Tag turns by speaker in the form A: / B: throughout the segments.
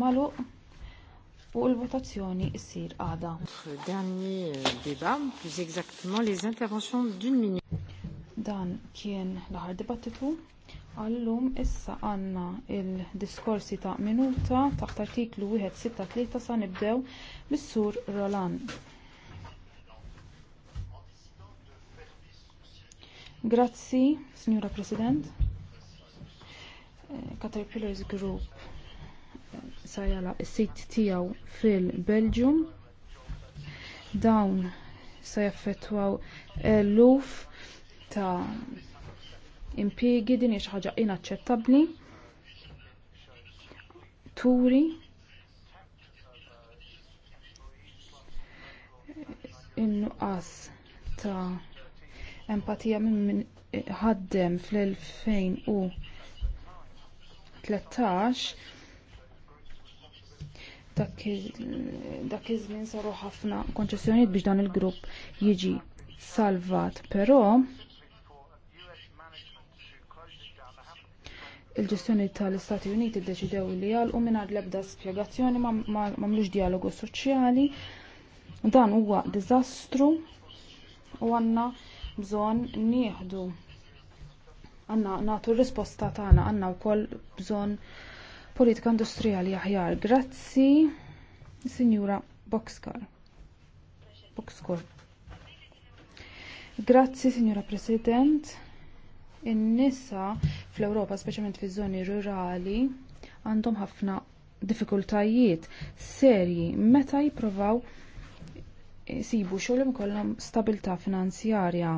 A: Malu u l-votazzjoni issir għada. Dernier débat, plus exactement les interventions d'une minute. Dan kien l-ħar dibattitu. Allum issa għanna il-diskorsi ta' minuta taħt artiklu 163 sa' nibdew mis sur Roland. Grazzi, Signora President. Eh, Caterpillars Group sar jala s-sit tiegħu fil-Belġium. Dawn se jaffettwaw eluf ta' impjiegi din hi xi ħaġa inaċċettabbli. Turi in-nuqqas ta' empatija minn min ħaddem fl-2013 dak iż-żmien saru ħafna konċessjonijiet biex dan il-grupp jiġi salvat, però il-ġestjoni tal-Istati Uniti ddeċidew li jgħalqu mingħajr l-ebda spjegazzjoni m'għamlux dijalogu soċjali. Dan huwa diżastru u għandna bżonn nieħdu Għanna natu r risposta tagħna għanna wkoll bżon politika industrijali aħjar. Grazzi, Signora Boxcar. Boxcar. Grazzi, Signora President. In-nisa fl-Ewropa, speċjalment fiż-żoni rurali, għandhom ħafna diffikultajiet serji meta jipprovaw sibu xogħol ikollhom stabilità finanzjarja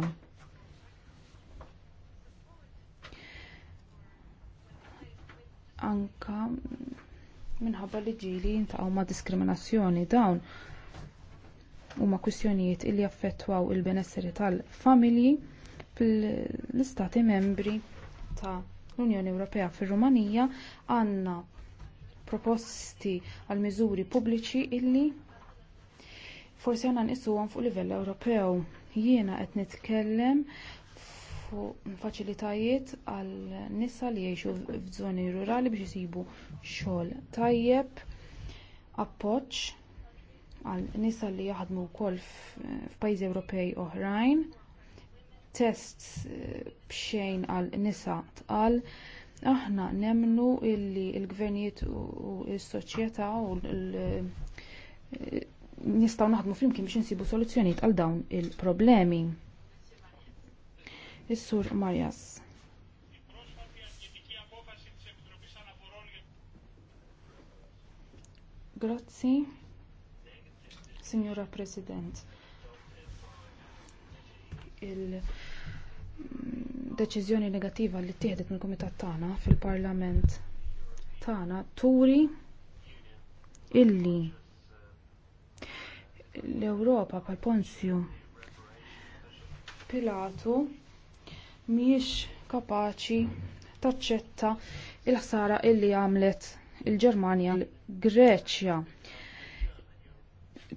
A: anka minħabba li ġili jintaqgħu ma' diskriminazzjoni dawn huma kwistjonijiet li jaffettwaw il-benesseri tal-familji fl-istati membri ta' l-Unjoni Ewropea fir-Rumanija għandna proposti għal miżuri pubbliċi illi forsi għandna nqisuhom fuq livell Ewropew. Jiena qed nitkellem noffru faċilitajiet għal nisa li jgħixu f'żoni rurali biex isibu xogħol tajjeb, appoġġ għal nisa li jaħdmu wkoll f'pajjiżi Ewropej oħrajn, tests eh, b'xejn għal nisa tqal, aħna nemnu illi l-gvernijiet u s-soċjetà u l- eh, nistgħu naħdmu flimkien biex insibu soluzzjonijiet għal dawn il-problemi. Is-Sur Marjas. Grazzi, Signora President. Il mm, deċiżjoni negativa li tieħdet mill-Kumitat tagħna fil-Parlament tagħna turi illi l-Ewropa pal Ponzju Pilatu mhijiex kapaċi taċċetta il-ħsara illi għamlet il-Ġermanja l-Greċja.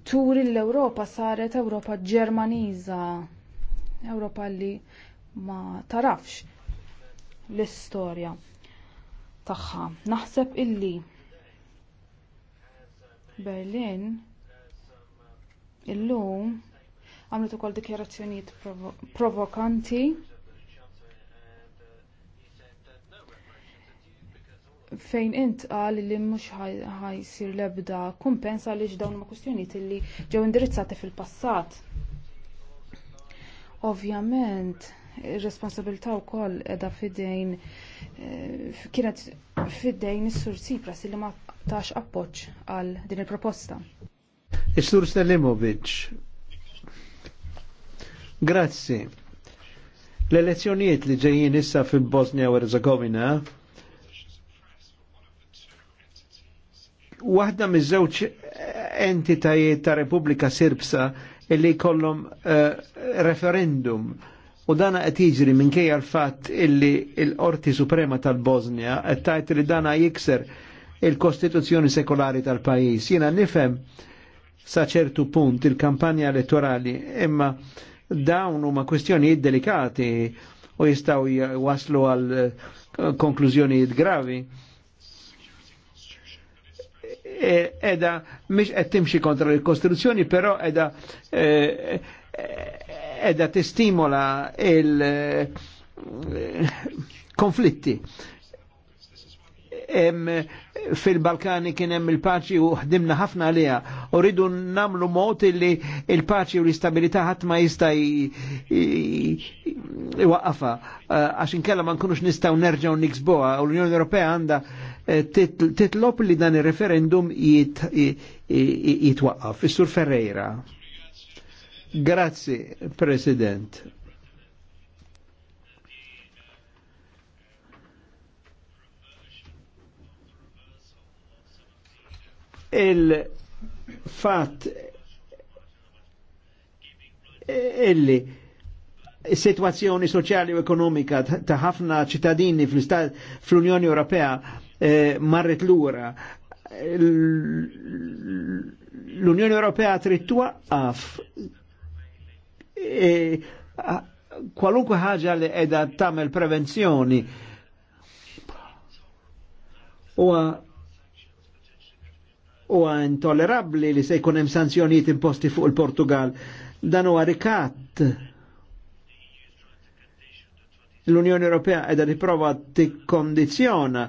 A: Turi l-Ewropa saret Ewropa Ġermaniża, Ewropa li ma tarafx l-istorja tagħha. Naħseb illi Berlin illum għamlet ukoll dikjarazzjonijiet provokanti. fejn int qal li mhux ħajsir l-ebda kumpens għaliex dawn ma' kwistjonijiet li ġew indirizzati fil-passat. Ovvjament, ir-responsabilità wkoll qiegħda fidejn eh, kienet fidejn is-Sur Tsipras li ma tax appoġġ għal din il-proposta.
B: Is-Sur Selimovic. Grazzi. L-elezzjonijiet li ġejjin issa fil-Bosnia u Herzegovina waħda miż-żewġ entitajiet ta' Republika Sirbsa illi kollhom uh, referendum U dana qed jiġri minkejja l-fatt illi l-Qorti Suprema tal-Bosnia qed tajt li dana jikser il-Kostituzzjoni sekolari tal-pajjiż. Jiena nifhem sa ċertu punt il-kampanja elettorali, imma dawn huma kwestjonijiet delikati u jistgħu waslu għal konklużjonijiet eh, gravi. E, edha mish qed timxi kontra l-Kostituzzjoni, però edha e, e, edha testimola il konflitti. Fil-Balkani kien hemm il-paċi u ħdimna ħafna għaliha. U rridu namlu mod li il-paċi u l-istabilità ħadd ma jista' iwaqqafa għax inkella ma nkunux nistgħu nerġgħu niksboha u l-Unjoni Ewropea għandha titlop li dan il-referendum jitwaqqaf. Fissur Ferreira. Grazie, President. Il-fat illi situazzjoni soċjali u ekonomika ta' ħafna ċittadini fl-Unjoni Ewropea Eh, marret l-ura. L-Unjoni Ewropea trid twaqqaf eh, kwalunkwe ħaġa li qiegħda tagħmel prevenzjoni huwa huwa intollerabbli li se jkun hemm sanzjonijiet imposti fuq il-Portugal. Dan huwa rikat l-Unjoni Ewropea qiegħda tipprova tikkondizjona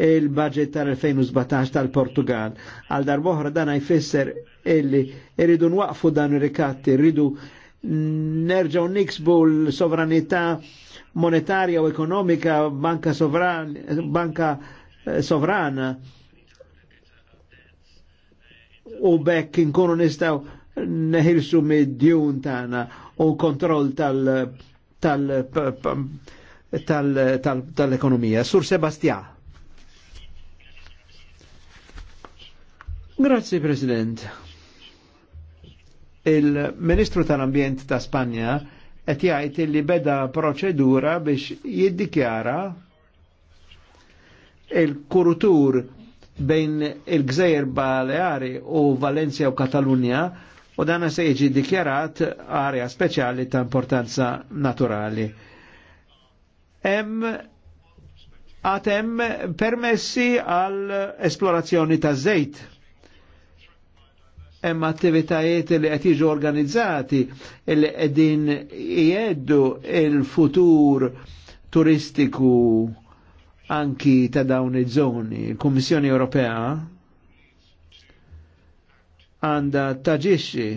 B: il-budget tal-2017 tal-Portugal. Għal darboħra dan jfisser illi irridu nwaqfu dan il rikatti irridu nerġaw niksbu l-sovranità monetarja u ekonomika banka, sovran, banka sovrana u bekk nkunu nistaw neħilsu mid-djun tana u kontrol tal tal tal tal tal-ekonomija. Sur Sebastian. Grazzi, President. Il-Ministru tal-Ambjent ta' Spanja qed jgħid li beda proċedura biex jiddikjara il-kurutur bejn il-Gżejjer Baleari u Valencia u Katalunja u dan se jiġi dikjarat area speċjali ta' importanza naturali. Hemm għatem permessi għal esplorazzjoni ta' zejt emma attivitajiet li qed jiġu organizzati li qegħdin jgħeddu il-futur turistiku anki ta' dawn iż-żoni. Il-Kummissjoni Ewropea għandha taġixxi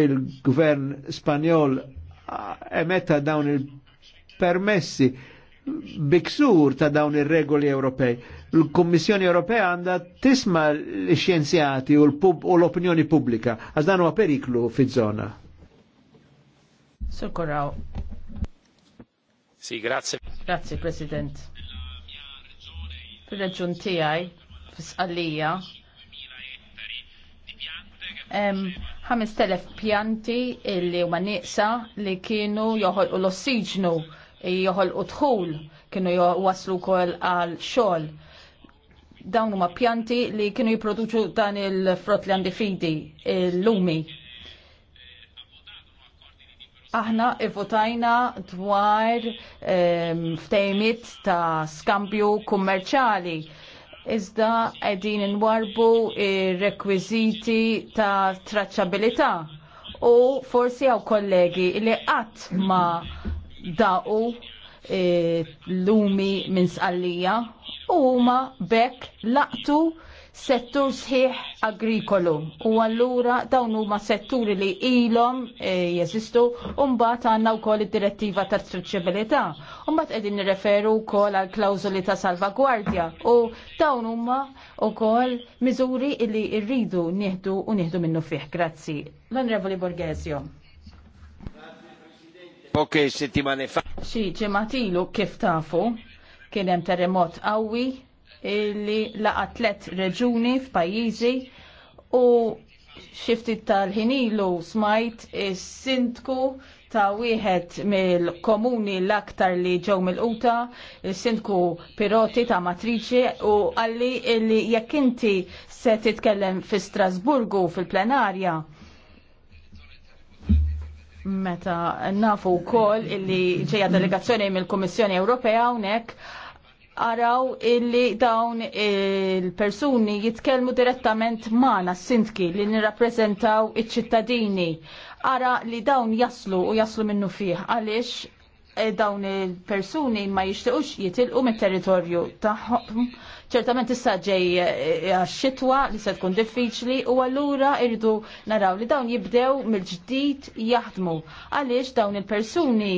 B: il-gvern Spanjol emetta dawn il-permessi biksur ta' dawn ir-regoli Ewropej. L-Kommissjoni Ewropea għandha tisma l-xjenzjati u l-opinjoni pubblika, għax dan huwa periklu fiż-żona. Sokoraw. Si, grazie.
C: Grazie, President. Fil-reġun tiegħi, fis-qallija, 5000 pjanti illi huma nieqsa li kienu joħolqu l-ossiġnu joħol u tħul kienu waslu kol għal xol. Dawn huma pjanti li kienu jiproduċu dan il-frott li għandi fidi, il-lumi. Aħna votajna dwar ehm, ftejmit ta' skambju kummerċali. Iżda qegħdin inwarbu il rekwiżiti ta' traċċabilità u forsi għaw kollegi li qatt ma' daqu e, l lumi minn sqallija u huma bekk laqtu settur sħiħ agrikolu u allura dawn huma setturi li ilhom e, jeżistu u mbagħad għandna wkoll id-direttiva ta' traċċabilità. U mbagħad qegħdin nirreferu wkoll għal klawżoli ta' salvagwardja u dawn huma wkoll miżuri li rridu nieħdu u nieħdu minnu fih. Grazzi. L-Onorevoli Borgesio
B: poche settimane fa.
C: Xi ġematilu kif tafu kien hemm terremot qawwi li laqa tlet reġuni f'pajjiżi u xifti tal-ħinilu smajt is-sindku ta' wieħed mill-komuni l-aktar li ġew mill-quta, sindku Piroti ta' Matriċi u għalli li jekk inti se titkellem fi Strasburgu fil-plenarja Meta nafu wkoll illi ġejja delegazzjoni mill-Kummissjoni Ewropea hawnhekk araw illi dawn il-persuni jitkellmu direttament maħna sintki li nirrappreżentaw iċ-ċittadini. Ara li dawn jaslu u jaslu minnu fih għaliex Eh, dawn il-persuni ma jixtiqux jitilqu mit-territorju tagħhom. Ċertament issa ġej eh, għax-xitwa li se tkun diffiċli u allura irridu naraw li dawn jibdew mill-ġdid jaħdmu. Għaliex dawn il-persuni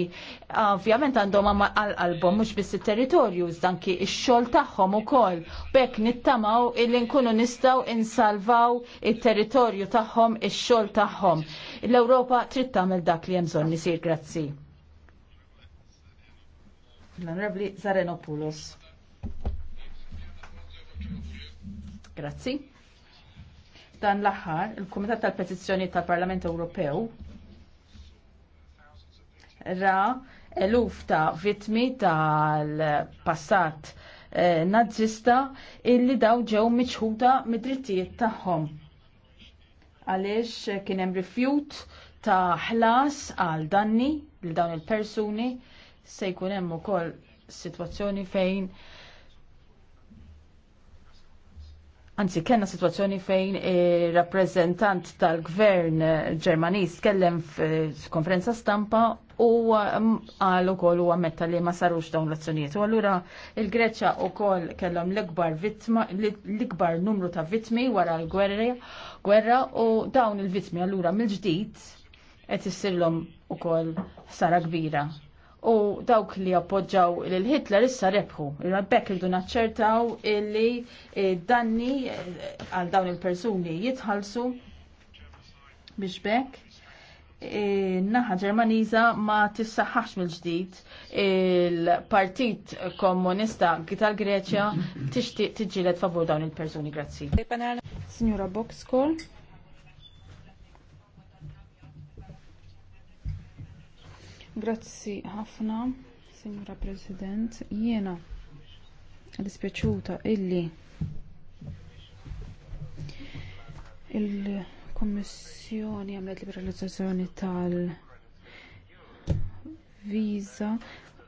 C: ovvjament għandhom għal album mhux biss it-territorju żdanki x-xogħol tagħhom ukoll. Bekk nittamaw illi nkunu nistgħu insalvaw it-territorju tagħhom, ix-xogħol tagħhom. L-Ewropa trid tagħmel dak li hemm bżonn isir grazzi l-Onorevoli Zarenopoulos. Grazzi. Dan l-aħħar, il-Kumitat tal-Petizzjoni tal-Parlament Ewropew ra eluf ta' vitmi tal-passat eh, nazista illi daw ġew miċħuda mid-drittijiet tagħhom. Għaliex kien hemm rifjut ta' ħlas għal danni l dawn il-persuni se jkun hemm ukoll sitwazzjoni fejn Anzi, kena situazzjoni fejn rappresentant tal-gvern ġermanis kellem f'konferenza stampa u um, għal u kol u għammetta li ma sarux dawn l-azzjonijiet. U għallura il-Greċa u kol kellom l-ikbar l-ikbar numru ta' vitmi wara l-gwerra u dawn il-vitmi għallura mill-ġdid qed u ukoll sara kbira u dawk li appoġġaw lil Hitler issa rebħu. Bekk irdu naċċertaw illi eh, danni eh, għal dawn il-persuni jitħallsu biex bekk eh, naħa Ġermaniża ma tissaħħax mill-ġdid il-Partit Komunista tal-Greċja tixtieq tiġġieled favur dawn il-persuni. Grazzi. Signora Boxcall.
A: Grazzi ħafna, Signora President. Jiena dispjaċuta illi il-Kommissjoni għamlet liberalizzazzjoni tal-viza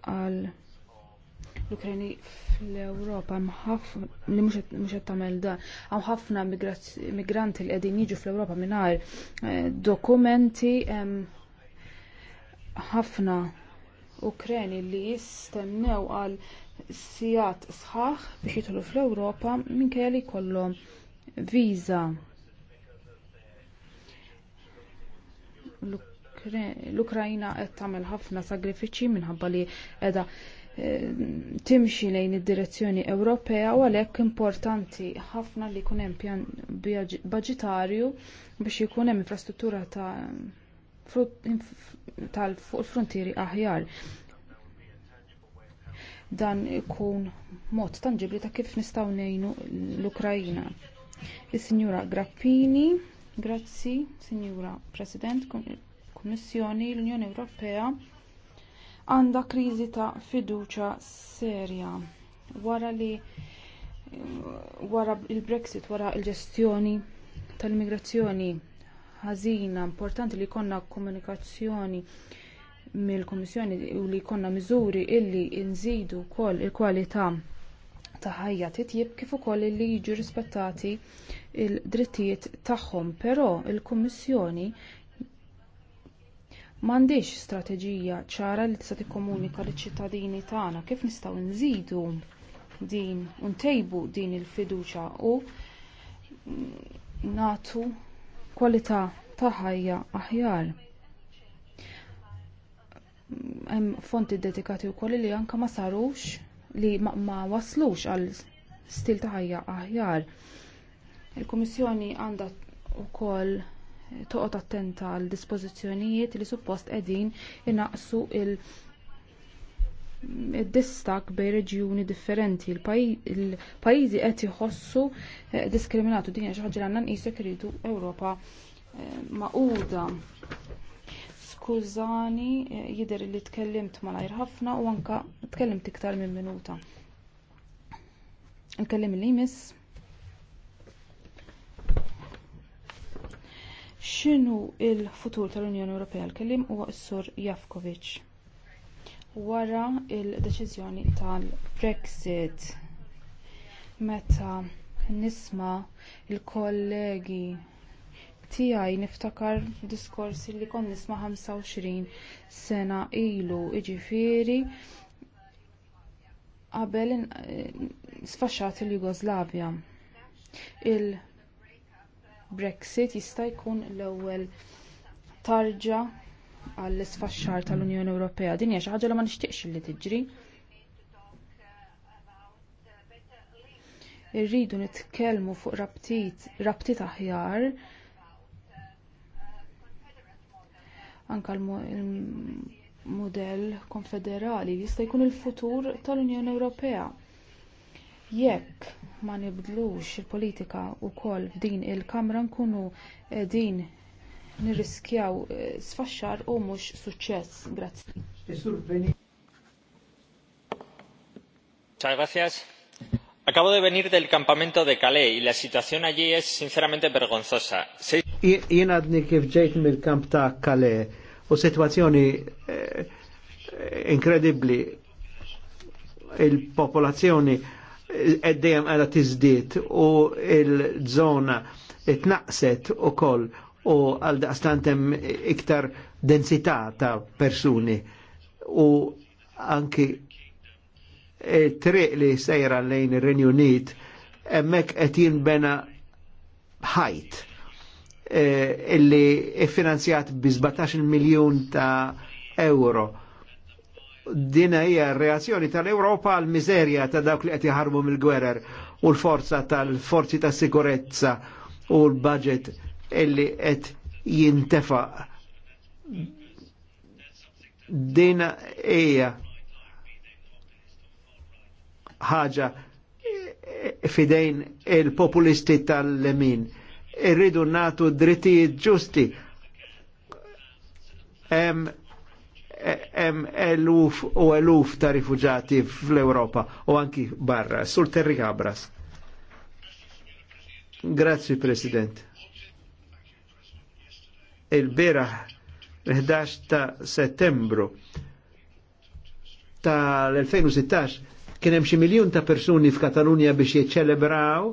A: għal l-Ukraini fl-Europa li mhux qed da dan ħafna migranti li qegħdin jiġu fl europa mingħajr eh, dokumenti hemm ħafna Ukreni li jistennew għal sigħat sħaħ biex jidħlu fl-Ewropa minkejja li jkollhom viża. L-Ukrajna qed tagħmel ħafna sagrifiċċji minħabba li qiegħda eh, timxi lejn id-direzzjoni Ewropea u għalhekk importanti ħafna li jkun hemm pjan budġetarju biex ikun hemm infrastruttura ta' tal-frontieri aħjar. Dan ikun mod tangibli ta' kif nistgħu ngħinu l-Ukrajina. Is-Sinjura Grappini, grazzi, Sinjura President, Kummissjoni, l-Unjoni Ewropea għandha kriżi ta' fiduċa serja wara li wara il-Brexit, wara l ġestjoni tal-immigrazzjoni ħażina, importanti li jkollna komunikazzjoni mill-Kummissjoni u li jkollna miżuri illi nżidu wkoll il-kwalità ta' ħajja titjib kif ukoll li jiġu rispettati l drittijiet tagħhom, però l kummissjoni m'għandix strateġija ċara li tista' tikkomunika liċ-ċittadini tagħna kif nistgħu nżidu din u ntejbu din il-fiduċja u nagħtu kwalità ta' ħajja aħjar. Hemm fonti dedikati wkoll li anke ma sarux li ma, ma waslux għal stil ta' ħajja aħjar. Il-Kummissjoni għandha wkoll toqgħod attenta għal dispożizzjonijiet li suppost qegħdin inaqsu il- id-distak bej reġjuni differenti. Il-pajjiżi qed iħossu eh, diskriminatu din xi ħaġa li għandna nqisek iridu Ewropa eh, maquda. Skużani, eh, jidher li tkellimt malajr ħafna u anke tkellimt iktar minn minuta. Nkellim li jmiss. X'inhu l futur tal-Unjoni Ewropea l-kellim huwa s-sur Jafkovic wara l deċiżjoni tal-Brexit. Meta nisma il-kollegi tiegħi niftakar diskorsi li kont nisma' 25 sena ilu jiġifieri qabel sfaxxat il-Jugoslavja. Il-Brexit jista' jkun l-ewwel tarġa għall-isfaxxar tal-Unjoni Ewropea. Din hija xi ħaġa li ma nixtieqx li tiġri. Irridu nitkellmu fuq rabtit, rabtit aħjar anka l-modell konfederali jista' jkun il-futur tal-Unjoni Ewropea. Jekk ma nibdlux il-politika wkoll f'din il-Kamra nkunu din nirriskjaw eh, sfaxxar u mhux suċċess. Grazzi.
B: Muchas gracias. Acabo de venir del campamento de Calais y la situación allí es sinceramente vergonzosa. Jien għadni kif ġejt mill-kamp ta' Calais u situazzjoni eh, inkredibli. Il-popolazzjoni għeddejem eh, għada tizdiet u il zona tnaqset u koll u għal daqstantem iktar densità ta' persuni u anki e, triq li sejra lejn ir-Renju Unit hemmhekk qed jinbena ħajt e, illi finanzjat bi 17 miljon ta' euro dina hija reazzjoni tal-Ewropa għal miżerja ta' dawk li qed jaħarbu mill-gwerer u l-forza tal-forzi ta' sikurezza u l-budget illi qed jintefaq. Dina hija ħaġa fidejn il-populisti tal-lemin. Irridu natu drittijiet ġusti. Hemm hemm eluf u eluf ta' rifuġati fl-Ewropa u anki barra. Sur Terri Cabras. Grazzi, il-biraħ 11 ta' settembru tal-2016 kien hemm xi miljun ta' persuni f'Katalunja biex jiċċelebraw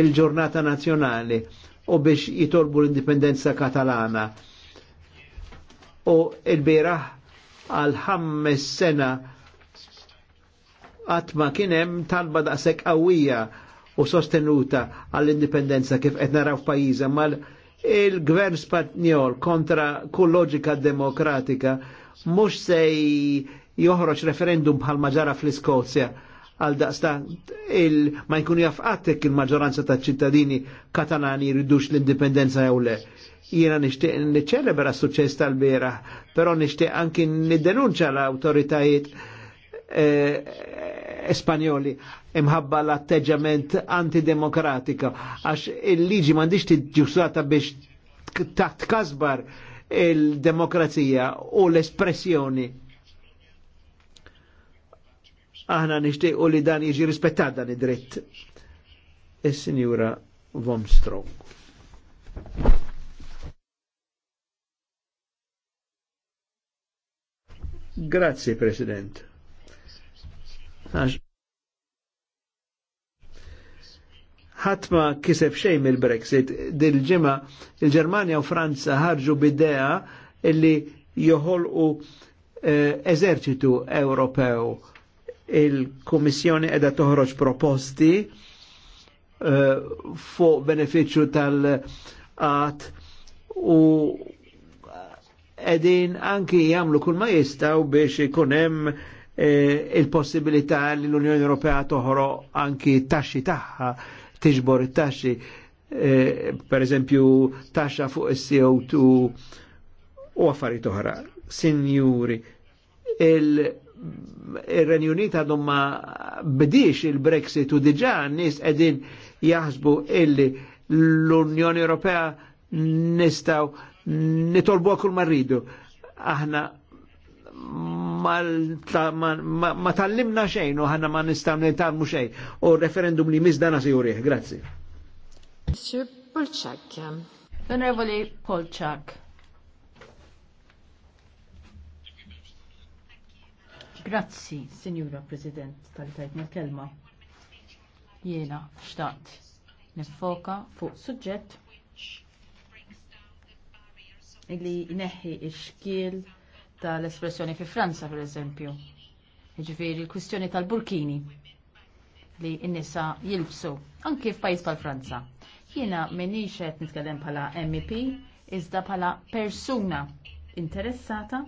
B: il-ġurnata nazzjonali u biex jitolbu l-indipendenza katalana. U il-biraħ għal ħammes sena għatma kienem talba daqshekk qawwija u sostenuta għall-indipendenza kif qed naraw f'pajjiża mal il-gvern spagnol kontra kull loġika demokratika mhux se joħroġ referendum bħal maġara fl-Iskozja għal daqstant il ma jkun jafqattek il-maġoranza ta' ċittadini katalani jridux l-indipendenza jew le. Jena nixtieq niċċelebra s-suċċess tal-beraħ, però nixtieq anki n-denunċa l-awtoritajiet Eh, Espanjoli imħabba l-atteġġament antidemokratika għax il-liġi mandiġ tiġġusata biex taħt kasbar il-demokrazija u l-espressjoni. Aħna u li dan jiġi rispettat dan id-dritt. Is-Sinjura Vomstrong. Grazie, Presidente. 2012. ħatma kiseb xejn mill-Brexit, dil-ġimgħa il-Ġermanja u Franza ħarġu bidea illi joħolqu eh, eżerċitu Ewropew. Il-Kummissjoni edha toħroġ proposti eh, fuq beneficju tal-qat u edin anki jamlu kull ma jistaw biex ikunem Eh, il-possibilità li l-Unjoni Ewropea toħro anki taxxi tagħha tiġbor it-taxxi eh, per eżempju taxxa fuq is-CO2 u affarijiet oħra. Sinjuri, il-Renju Unit għadhom ma bdiex il-Brexit u diġà n-nies qegħdin jaħsbu illi l-Unjoni Ewropea nistgħu nitolbuha kull marridu. Aħna ma tallimna xejn u ħanna ma nistaw nitalmu xejn. U referendum li mizdana si jurih. Grazzi.
C: Polczak. Polczak. Grazzi, Signora President, tal-tajtna kelma. Jena, xtaqt, nifoka fuq suġġett illi neħi ix-xkiel tal-espressjoni fi Franza, per eżempju. Ġifiri, l-kwistjoni tal-burkini li n-nisa jilbsu, anki f'pajis pal-Franza. Jiena minix qed nitkellem bħala MEP, iżda bħala persuna interessata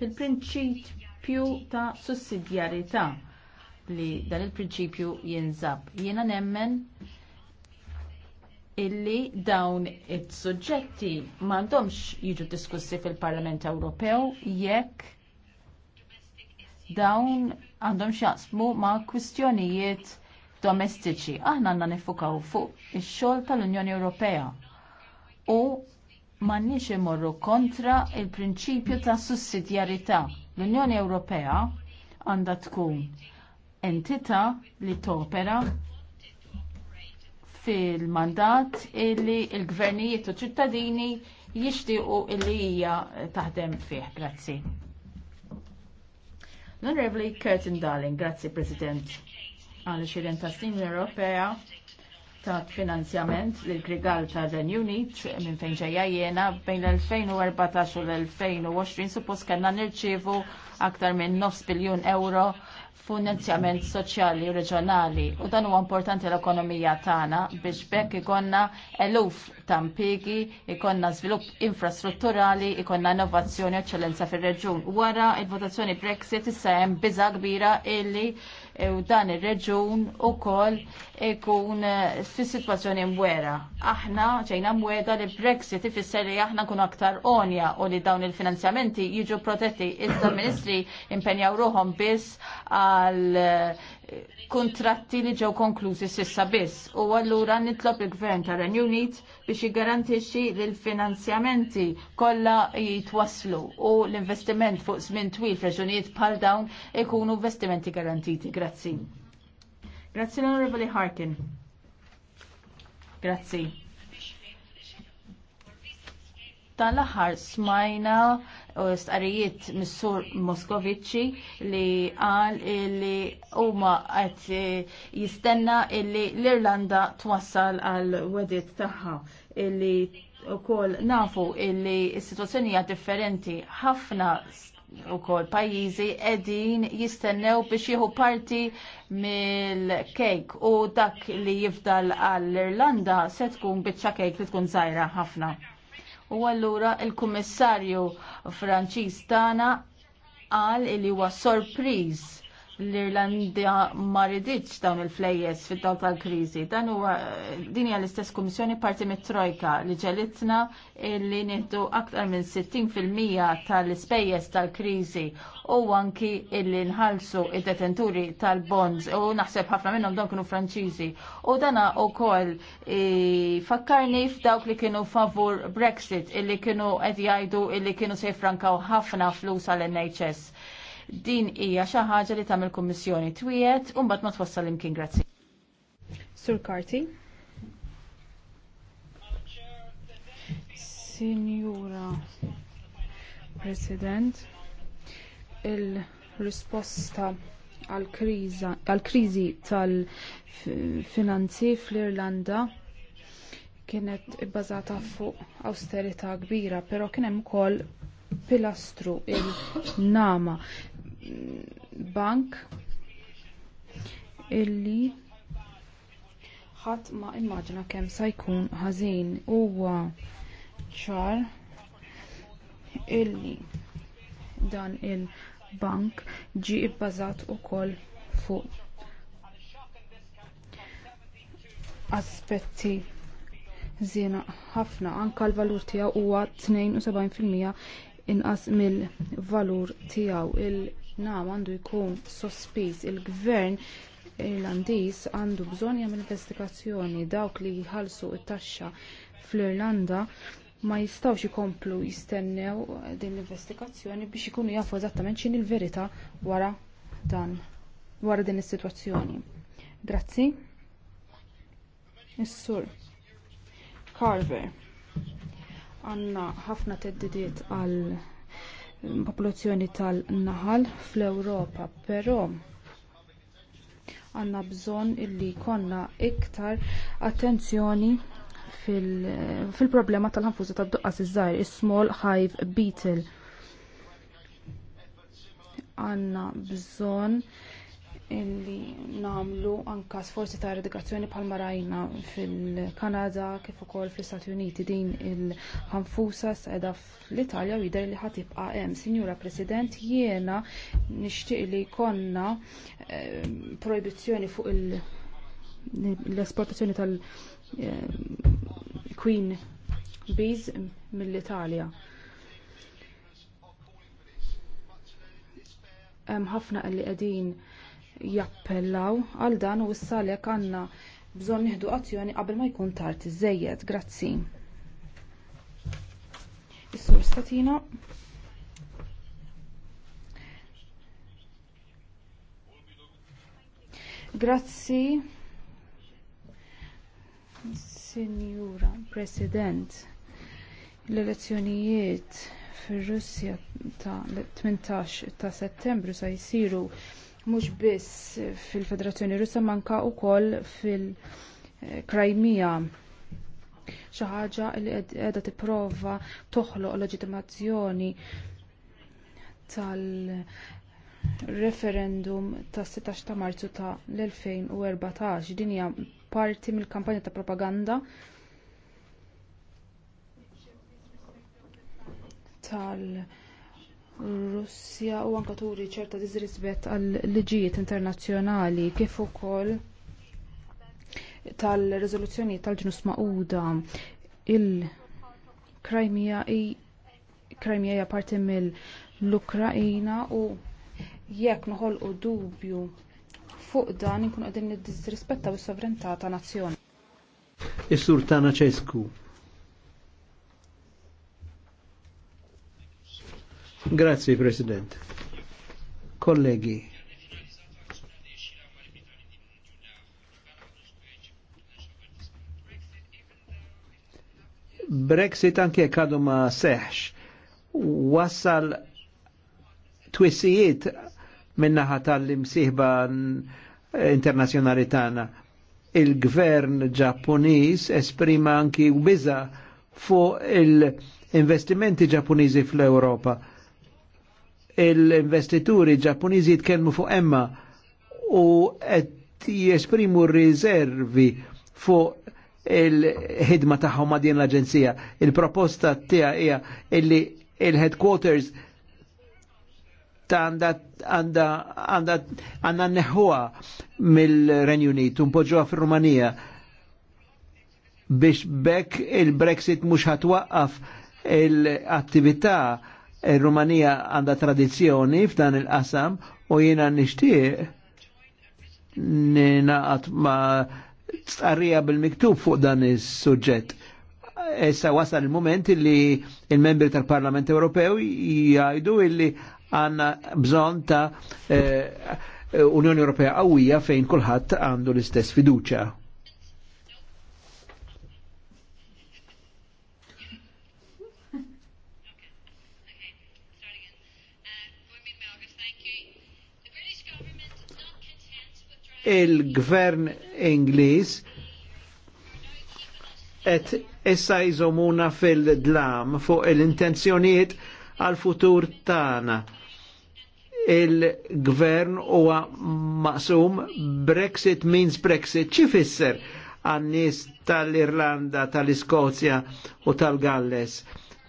C: fil-prinċipju ta' sussidjarità li dan il-prinċipju jinżab. Jiena nemmen illi dawn il suġġetti m'għandhomx jiġu diskussi fil-Parlament Ewropew jekk dawn għandhom xjaqsmu ma' kwistjonijiet domestiċi. Aħna għandna nifukaw fuq ix-xogħol tal-Unjoni Ewropea u m'għandniex imorru kontra il-prinċipju ta' sussidjarjetà. L-Unjoni Ewropea għandha tkun entità li topera fil-mandat illi il-gvernijiet u ċittadini jixtiequ illi hija taħdem fih. Grazzi. L-Onorevoli Curtin Darling, grazzi President, għalli xirin ta' Sin Ewropea ta' finanzjament l grigal ta' Dan Unit minn fejn ġejja jena bejn l-2014 u l-2020 suppost kena nirċievu aktar minn 9 biljun euro finanzjament soċjali u reġjonali u dan huwa importanti l-ekonomija tagħna biex bekk ikonna eluf ta' impjiegi, ikonna żvilupp infrastrutturali, ikonna innovazzjoni u eċċellenza fir-reġjun. Wara l votazzjoni Brexit issa hemm biża' kbira illi u dan ir-reġun ukoll ikun eh, fi situazzjoni mwera. Aħna ċejna mweda li Brexit ifisser li aħna kun aktar onja u li dawn il-finanzjamenti jiġu protetti. Iżda ministri impenjaw ruħom biss għal eh, kontratti li ġew konklużi sissa biss. U allura nitlob il-Gvern ta' Renew Unit biex jiggarantixxi li l-finanzjamenti kollha jitwaslu u l-investiment fuq żmien twil f'reġunijiet bħal dawn ikunu investimenti garantiti. Grazzi. Grazzi l-Onorevoli Harkin. Grazzi. Tal-aħħar smajna uh, stqarijiet mis-sur Moskovici li qal li huma qed uh, jistenna li l-Irlanda twassal għal wedit tagħha illi wkoll nafu illi s sitwazzjoni hija differenti ħafna u kol pajizi edin jistennew biex jieħu parti mill-kejk u dak li jifdal għall-Irlanda se tkun biċċa kejk li tkun zaħira ħafna. U allura il-kummissarju Franċis tana għal li huwa sorpriż l-Irlandja ma ridiċ dawn il-flejjes fid dawl tal-kriżi. Dan huwa din hija l-istess kummissjoni parti mit-trojka li ġelitna li nieħdu aktar minn 60% tal-ispejjeż tal-kriżi u anki illi nħallsu id-detenturi tal-bonds u naħseb ħafna minnhom dawn kienu Franċiżi. U dana wkoll fakkarni f'dawk li kienu favur Brexit illi kienu qed jgħidu illi kienu se jfrankaw ħafna flus għall nhs Din hija xi ħaġa li tagħmel kummissjoni twiet u mbagħad ma twassal imkien grazzi. Sur Karti. Signora
A: President, il-risposta għal-krizi tal-finanzi fl-Irlanda kienet bbażata fuq austerità kbira, però kien hemm ukoll pilastru il-nama bank illi ħadd ma immaġina kemm sa jkun ħażin huwa ċar illi dan il-bank ġie bbażat ukoll fuq aspetti żiena ħafna anke l-valur tiegħu huwa 72% inqas mill-valur tiegħu il- Nam għandu jkun sospiż il-gvern Irlandiż għandu bżonn jagħmel investigazzjoni dawk li jħallsu t taxxa fl-Irlanda ma jistgħux ikomplu jistennew din l-investigazzjoni biex ikunu jafu eżattament x'in il-verità wara dan wara din is-sitwazzjoni. Grazzi. Is-sur Carver Għanna ħafna teddidiet għal popolazzjoni tal-naħal fl-Ewropa, però għandna bżonn illi jkollna iktar attenzjoni fil-problema fil tal-ħanfuża tad-duqqas iż-żgħir, is-small hive beetle illi nagħmlu anke sforzi ta' redikazzjoni bħalma marajna fil-Kanada kif ukoll fl-Istati Uniti din il-ħanfusa s'edha fl-Italja u jidher li ħatibqa' hemm. Signora President, jiena nixtieq li jkollna eh, proibizzjoni fuq l-esportazzjoni tal-Queen eh, Bees mill-Italja. hemm ħafna li qegħdin jappellaw għal dan u s-salek għanna bżon nieħdu azzjoni qabel ma jkun tard iżejjed. Grazzi. Is-sur Statina. Grazzi. Signora President, l-elezzjonijiet fir-Russja ta' 18 ta' Settembru se jsiru mhux biss fil-Federazzjoni Russa manka wkoll fil-Krajmija xi ħaġa li qiegħda tipprova toħloq leġitimazzjoni tal-referendum tas 16 ta' Marzu ta' l-2014 din hija parti mill-kampanja ta' propaganda tal- Russja u anka turi ċerta disrispett għal liġijiet internazzjonali kif ukoll tal rezoluzzjoni tal-ġnus maquda il-Krajmija Krajmija hija parti mill ukraina u jekk noħolqu dubju fuq dan inkun qegħdin niddisrispettaw is-sovranità ta' nazzjoni.
B: Is-sur tagħna Ċesku. Grazie President. Kollegi, Brexit anke kadu ma seħx wassal twissijiet minnaħa tal-imsiħba internazjonali Il-gvern Ġappuniż esprima anki biza fuq il-investimenti Ġappuniżi fl europa il-investituri ġappuniżi jitkellmu fuq emma u qed jesprimu riservi fuq il-ħidma tagħhom ma' din l-aġenzija. Il-proposta tiegħha hija illi il-headquarters ta' għanda għanda għanda neħuha mill-Renju Unit u mpoġġuha fir-Rumanija biex bekk il-Brexit mhux ħatwaqqaf il attività Il-Rumanija għanda tradizjoni f'dan il-qasam u jina nishtiq ninaqat ma tqarrija bil-miktub fuq dan is-suġġett. Issa wasal il-moment li il-membri tal-Parlament Ewropew jgħidu illi għanna bżon ta' eh, Unjoni Ewropea qawwija fejn kulħadd għandu l-istess fiduċja. il-gvern Ingliż et issa jizomuna fil-dlam fuq il intenzjonijiet għal-futur tana. Il-gvern huwa maqsum Brexit means Brexit. ċifisser għannis tal-Irlanda, tal-Iskozja u tal-Galles?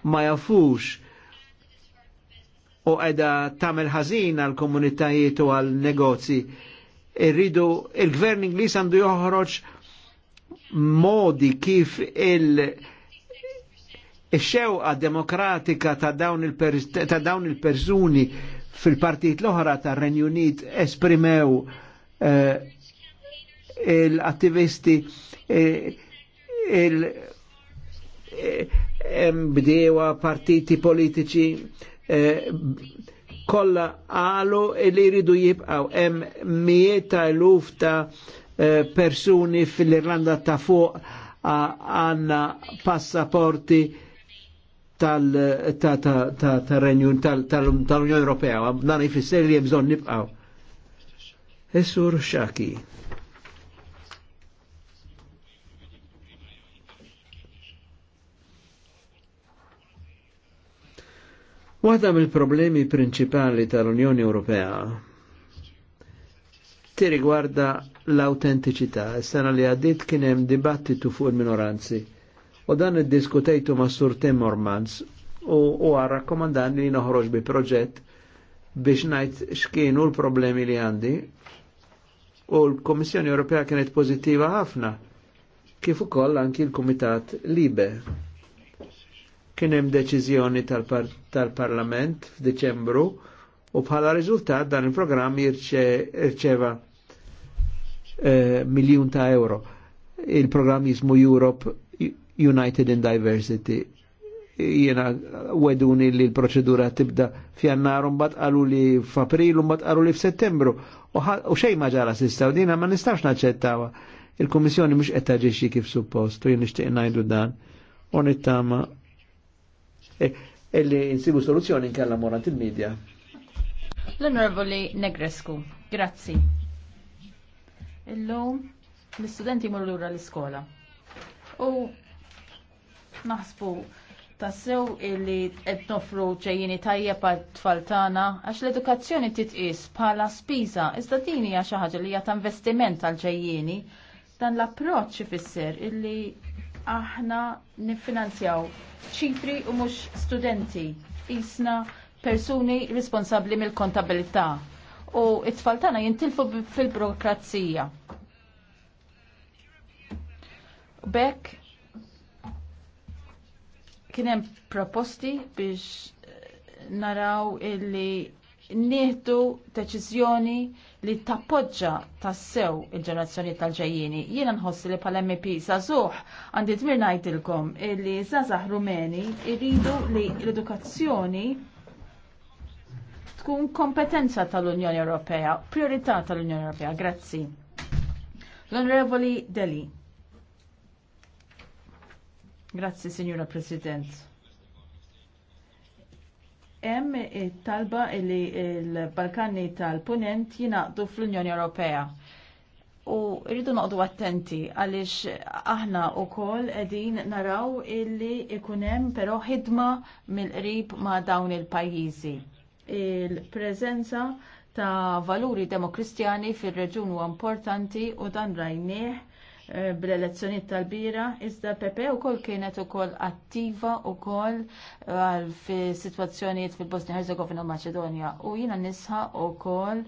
B: Ma jafux u edha tamil ħażin għal komunitajiet u għal negozji irridu il-gvern Ingliż għandu joħroġ modi kif il- Ix-xewqa demokratika ta' dawn il-persuni il persuni fil l-oħra ta' Renju Unit esprimew eh, il-attivisti eh, il- eh, bdewa partiti politiċi eh, kolla għalu li jridu jibqaw em mieta ta' eluf ta' eh, persuni fil-Irlanda ta' fuq għanna passaporti tal renjun tal-Unjoni tal, tal, Ewropea, dan ifisser li jemżon nibqaw. Esur Shaki. Waħda mill-problemi prinċipali tal-Unjoni Ewropea ti rigwarda l-autentiċità. Sena li għaddit kien hemm dibattitu fuq il-minoranzi u dan id-diskutejtu ma' Sur Mormans u għar rakkomandani li noħroġ bi proġett biex najt xkienu l-problemi li għandi u l-Komissjoni Ewropea kienet pozittiva ħafna kif ukoll anki l-Kumitat Libe. Kien hemm deċiżjoni tal-Parlament tal f'Diċembru u bħala riżultat dan il-programm jirċeva uh, eh, miljun ta' euro. Il-programm jismu Europe United in Diversity. Jena weduni li l-proċedura tibda f'jannar un bat qalu li f'april un bat qalu li f'settembru. U xej ma ġara sista u dina ma nistax naċċettawa. Il-Kommissjoni mhux qed taġixxi kif suppost u jien nixtieq ngħidu dan u nittama illi e, e insibu soluzzjoni kalla morant il-medja.
C: L-Onorevoli Negrescu, grazzi. Illum l-istudenti jmorru lura l-iskola. U naħsbu tassew illi qed nofru ċejjini tajjeb għat-tfal tagħna għax l-edukazzjoni titqis bħala spiża iżda din hija xi ħaġa li hija ta' investiment għal ġejjieni. Dan l-approċċ ifisser illi aħna niffinanzjaw ċifri u mhux studenti, isna persuni responsabbli mill-kontabilità u it-tfal tagħna jintilfu fil-burokrazija. Bekk kien hemm proposti biex naraw illi nieħdu deċiżjoni li tappoġġa tassew il-ġenerazzjoni tal-ġejjini. Jiena nħossi li bħala MP Zazuh għandi dmir ngħidilkom li Zazah Rumeni jridu li l-edukazzjoni tkun kompetenza tal-Unjoni Ewropea, priorità tal-Unjoni Ewropea. Grazzi. L-Onorevoli Deli. Grazzi, Signora President hemm it-talba li l-Balkani tal-Punent jingħaqdu fl-Unjoni Ewropea. U rridu noqdu attenti għaliex aħna wkoll qegħdin naraw illi ikun hemm però ħidma mill-qrib ma' dawn il-pajjiżi. Il-preżenza ta' valuri demokristjani fir-reġun huwa importanti u dan rajnieh Eh, bl-elezzjoni tal-bira, iżda Pepe eh, u kol kienet u kol attiva u kol fi situazzjoniet fil-Bosnia Herzegovina u Macedonia u jina nisħa u kol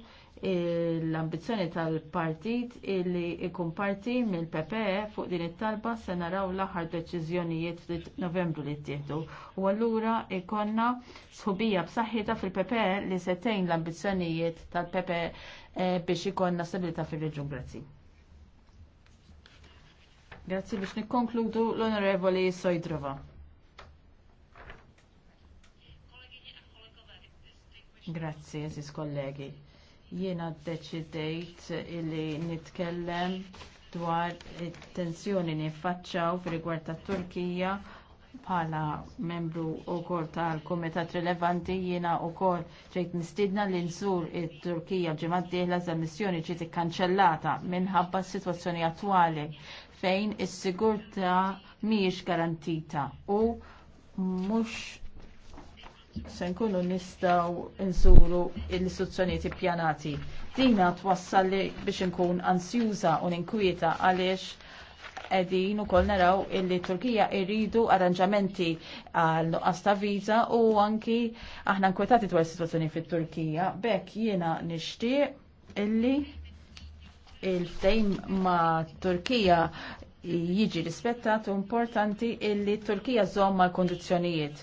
C: l-ambizjoni tal-partit illi ikun parti mill-PPE fuq din it-talba se naraw l-aħħar deċiżjonijiet novembru li ttieħdu. U allura ikonna sħubija b'saħħitha fil-PPE li se l-ambizzjonijiet tal-PPE eh, biex ikonna stabilità fir-reġun. Grazzi. Grazzi biex nikkonkludu l-Onorevoli Sojdrova. Grazzi, eżis kollegi. Jiena deċidejt illi nitkellem dwar it-tensjoni li nfaċċaw rigward tat-Turkija bħala membru wkoll tal-Kumitat Rilevanti jiena wkoll ġejt nistidna li nżur it-Turkija ġimgħa d-dieħla za missjoni ġiet ikkanċellata minħabba s-sitwazzjoni attwali fejn is-sigurtà mhijiex garantita u mhux se nkunu nistgħu nsuru l-istituzzjonijiet ippjanati. Dina twassalli biex inkun ansjuża u ninkwieta għaliex edin u kol naraw illi Turkija irridu arranġamenti għal nuqqas ta' viza u anki aħna nkwetati dwar is-sitwazzjoni fit-Turkija. Bekk jiena nixtieq illi il-ftejm ma' Turkija jiġi rispettat u importanti illi Turkija zom mal kondizjonijiet.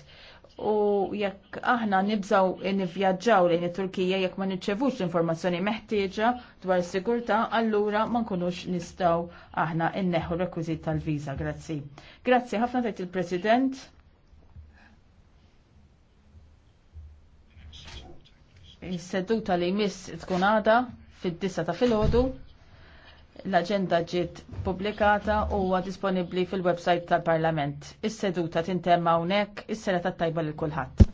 C: U jekk aħna nibżaw nivvjaġġaw lejn it-Turkija jekk ma nirċevux l-informazzjoni meħtieġa dwar sigurtà, allura ma nkunux nistgħu aħna nneħħu rekwiżit tal-viża. Grazzi. Grazzi ħafna tgħid il-President. Is-seduta li jmiss tkun għada fid-disa ta' filgħodu l-agenda ġiet publikata u huwa disponibbli fil-website tal-Parlament. Is-seduta tintemm hawnhekk, is-sena tat-tajba lil kulħadd.